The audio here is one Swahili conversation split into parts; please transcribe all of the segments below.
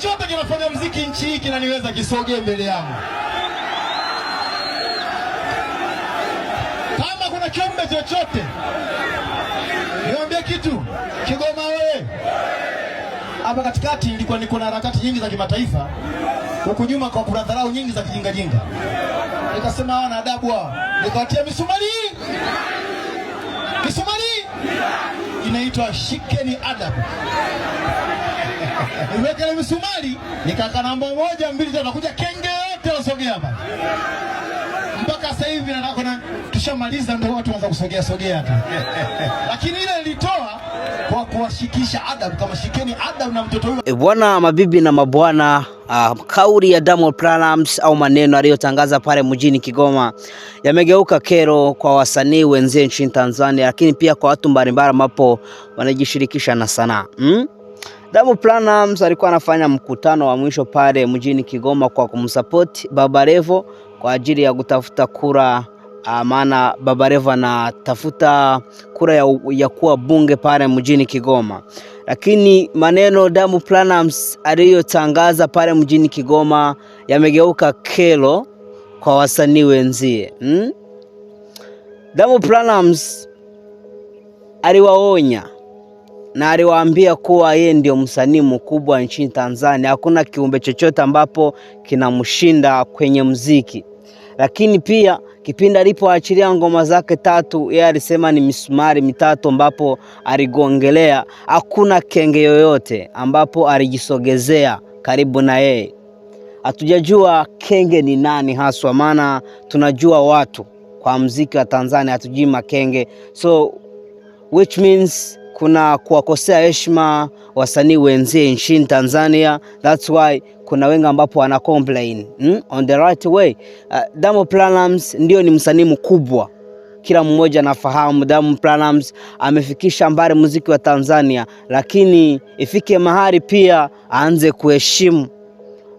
chochote kinafanya mziki nchi hii kinaniweza kisogee mbele yangu. Kama kuna kiumbe chochote, niambie kitu. Kigoma wewe hapa katikati ilikuwa niko na harakati nyingi za kimataifa, huku nyuma kwa kuna dharau nyingi za kijingajinga, nikasema hawa na adabu hawa, nikawatia misumari. Misumari inaitwa shikeni adabu uweke ile misumari, nikaka namba moja mbili tatu, nakuja kenge yote wasogea hapa mpaka sasa hivi na tushamaliza, ndio watu waanza kusogea sogea hapa lakini ile ilitoa kwa kuwashikisha adabu, kama shikeni adabu na mtoto huyo. E Bwana mabibi na mabwana, uh, kauli ya Diamond Platnumz au maneno aliyotangaza pale mjini Kigoma yamegeuka kero kwa wasanii wenzetu nchini Tanzania, lakini pia kwa watu mbalimbali ambapo wanajishirikisha na sanaa hmm? Damu Platnumz alikuwa anafanya mkutano wa mwisho pale mjini Kigoma kwa kumsapoti Babalevo kwa ajili ya kutafuta kura, ah, maana Babalevo anatafuta kura ya, ya kuwa bunge pale mjini Kigoma. Lakini maneno Damu Platnumz aliyotangaza pale mjini Kigoma yamegeuka kelo kwa wasanii wenzie hmm? Damu Platnumz aliwaonya na aliwaambia kuwa yeye ndio msanii mkubwa nchini Tanzania, hakuna kiumbe chochote ambapo kinamshinda kwenye mziki. Lakini pia kipindi alipoachilia ngoma zake tatu, yeye alisema ni misumari mitatu ambapo aligongelea, hakuna kenge yoyote ambapo alijisogezea karibu na yeye. Hatujajua kenge ni nani haswa, maana tunajua watu kwa mziki wa Tanzania, hatujui makenge so which means kuna kuwakosea heshima wasanii wenzie nchini Tanzania. That's why kuna wengi ambapo wana complain mm? on the right way. Uh, Diamond Platnumz ndio ni msanii mkubwa, kila mmoja anafahamu Diamond Platnumz amefikisha mbali muziki wa Tanzania, lakini ifike mahali pia aanze kuheshimu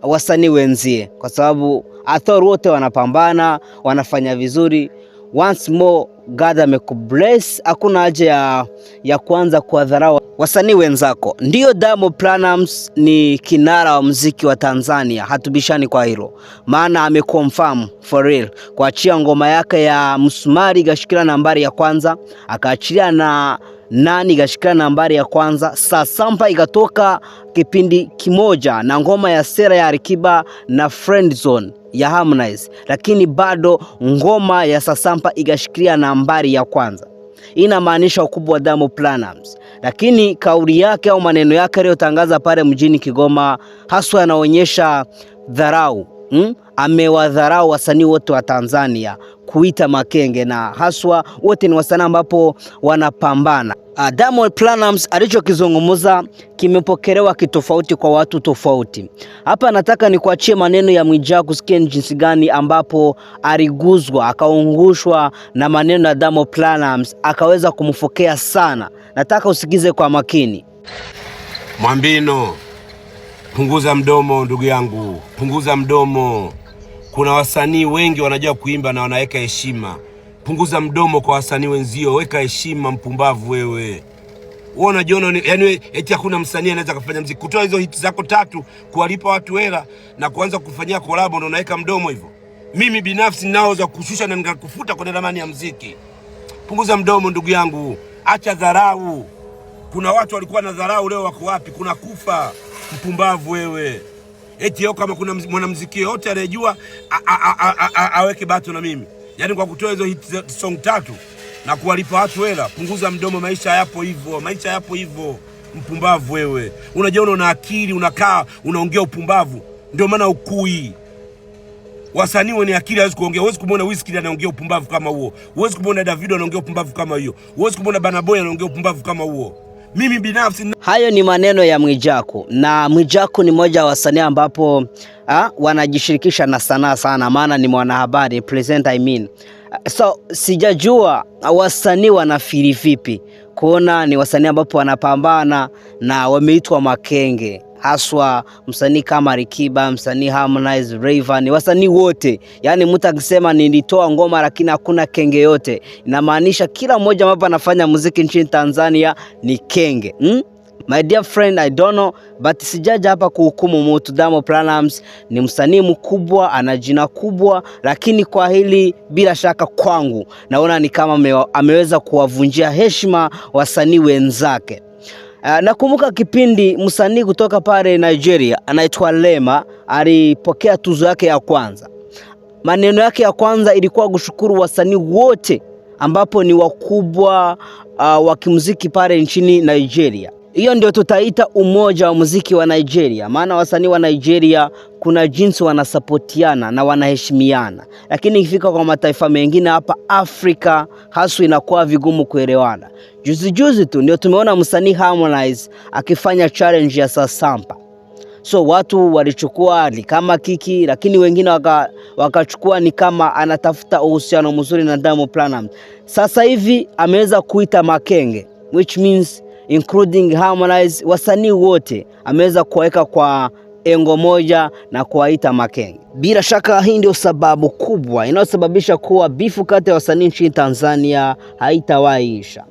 wasanii wenzie, kwa sababu athor wote wanapambana, wanafanya vizuri. Once more God amekubless, hakuna haja ya, ya kuanza kuwadharau wasanii wenzako. Ndiyo, Diamond Platnumz ni kinara wa muziki wa Tanzania, hatubishani kwa hilo, maana ameconfirm for real kuachia ngoma yake ya Msumari ikashikilia nambari ya kwanza, akaachilia na nani ikashikilia nambari ya kwanza. Sasampa ikatoka kipindi kimoja na ngoma ya Sera ya Alikiba na Friend Zone ya Harmonize, lakini bado ngoma ya Sasampa ikashikilia nambari ya kwanza. hii Inamaanisha ukubwa wa Diamond Platnumz, lakini kauli yake au maneno yake aliyotangaza pale mjini Kigoma haswa yanaonyesha dharau hmm? Amewadharau wasanii wote wa Tanzania kuita makenge, na haswa wote ni wasanii ambapo wanapambana Uh, Diamond Platnumz alichokizungumza kimepokelewa kitofauti kwa watu tofauti. Hapa nataka nikuachie maneno ya Mwijaku kusikia jinsi gani ambapo aliguzwa akaungushwa na maneno ya Diamond Platnumz akaweza kumfokea sana. Nataka usikize kwa makini. Mwambino, punguza mdomo ndugu yangu, punguza mdomo. Kuna wasanii wengi wanajua kuimba na wanaweka heshima Punguza mdomo kwa wasanii wenzio, weka heshima. Mpumbavu wewe, wewe unajiona yani, eti hakuna msanii anaweza kufanya mziki, kutoa hizo hit zako tatu, kuwalipa watu hela na kuanza kufanyia collab, ndo unaweka mdomo hivyo. Mimi binafsi naweza kushusha na ningakufuta kwenye ramani ya mziki. Punguza mdomo ndugu yangu, acha dharau. Kuna watu walikuwa na dharau, leo wako wapi? Kuna kufa. Mpumbavu wewe. Eti kama kuna mwanamuziki yote anayejua aweke bato na mimi yani kwa kutoa hizo hit song tatu na kuwalipa watu hela, punguza mdomo. Maisha yapo hivyo, maisha yapo hivyo. Mpumbavu wewe, unajiona una akili, unakaa unaongea upumbavu. Ndio maana ukui wasanii wenye akili hawezi kuongea. Huwezi kumwona Wizkid anaongea upumbavu kama huo, huwezi kumwona Davido anaongea upumbavu kama hiyo, huwezi kumwona Banaboy anaongea upumbavu kama huo mimi binafsi. Hayo ni maneno ya Mwijaku, na Mwijaku ni mmoja wa wasanii ambapo ha, ah, wanajishirikisha na sanaa sana, maana ni mwanahabari present I mean. So sijajua wasanii wanafiri vipi kuona ni wasanii ambapo wanapambana na wameitwa makenge haswa msanii kama rikiba msanii Harmonize, Rayvanny, wasanii wote, yaani mtu akisema nilitoa ngoma lakini hakuna kenge yote, inamaanisha kila mmoja hapa anafanya muziki nchini Tanzania ni kenge hmm? My dear friend, I don't know but sijaja hapa kuhukumu mtu. Damo Planams ni msanii mkubwa, ana jina kubwa, lakini kwa hili bila shaka kwangu naona ni kama ameweza kuwavunjia heshima wasanii wenzake. Eh, nakumbuka kipindi msanii kutoka pale Nigeria anaitwa Lema alipokea tuzo yake ya kwanza. Maneno yake ya kwanza ilikuwa kushukuru wasanii wote ambapo ni wakubwa uh, wa kimuziki pale nchini Nigeria. Hiyo ndio tutaita umoja wa muziki wa Nigeria, maana wasanii wa Nigeria kuna jinsi wanasapotiana na wanaheshimiana, lakini ikifika kwa mataifa mengine hapa Afrika haswa inakuwa vigumu kuelewana. Juzi juzi tu ndio tumeona msanii Harmonize akifanya challenge ya Sasampa. So watu walichukua ni kama kiki, lakini wengine wakachukua waka ni kama anatafuta uhusiano mzuri na Diamond Platnumz. Sasa hivi ameweza kuita makenge which means including Harmonize, wasanii wote ameweza kuwaweka kwa engo moja na kuwaita makenge. Bila shaka hii ndio sababu kubwa inayosababisha kuwa bifu kati ya wasanii nchini Tanzania haitawaiisha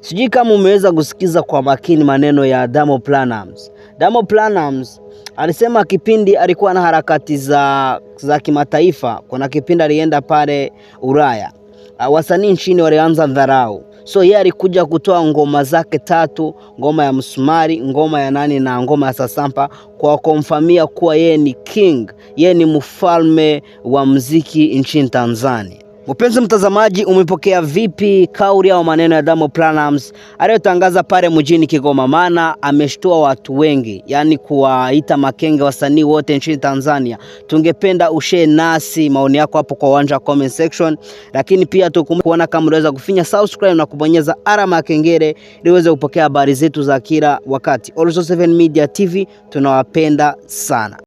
Sijui kama umeweza kusikiza kwa makini maneno ya Damo Platnumz. Damo Platnumz alisema kipindi alikuwa na harakati za, za kimataifa, kuna kipindi alienda pale Ulaya, ah, wasanii nchini walianza dharau So yeye alikuja kutoa ngoma zake tatu, ngoma ya msumari, ngoma ya nani na ngoma ya sasampa, kwa kumfamia kuwa yeye ni king, yeye ni mfalme wa mziki nchini Tanzania. Mpenzi mtazamaji, umepokea vipi kauli au maneno ya Diamond Platnumz aliyotangaza pale mjini Kigoma? Maana ameshtua watu wengi, yaani kuwaita makenge wasanii wote nchini Tanzania. Tungependa ushare nasi maoni yako hapo kwa uwanja wa comment section, lakini pia kuona kama unaweza kufinya subscribe na kubonyeza alama ya kengele ili uweze kupokea habari zetu za kila wakati. Also 7 Media TV tunawapenda sana.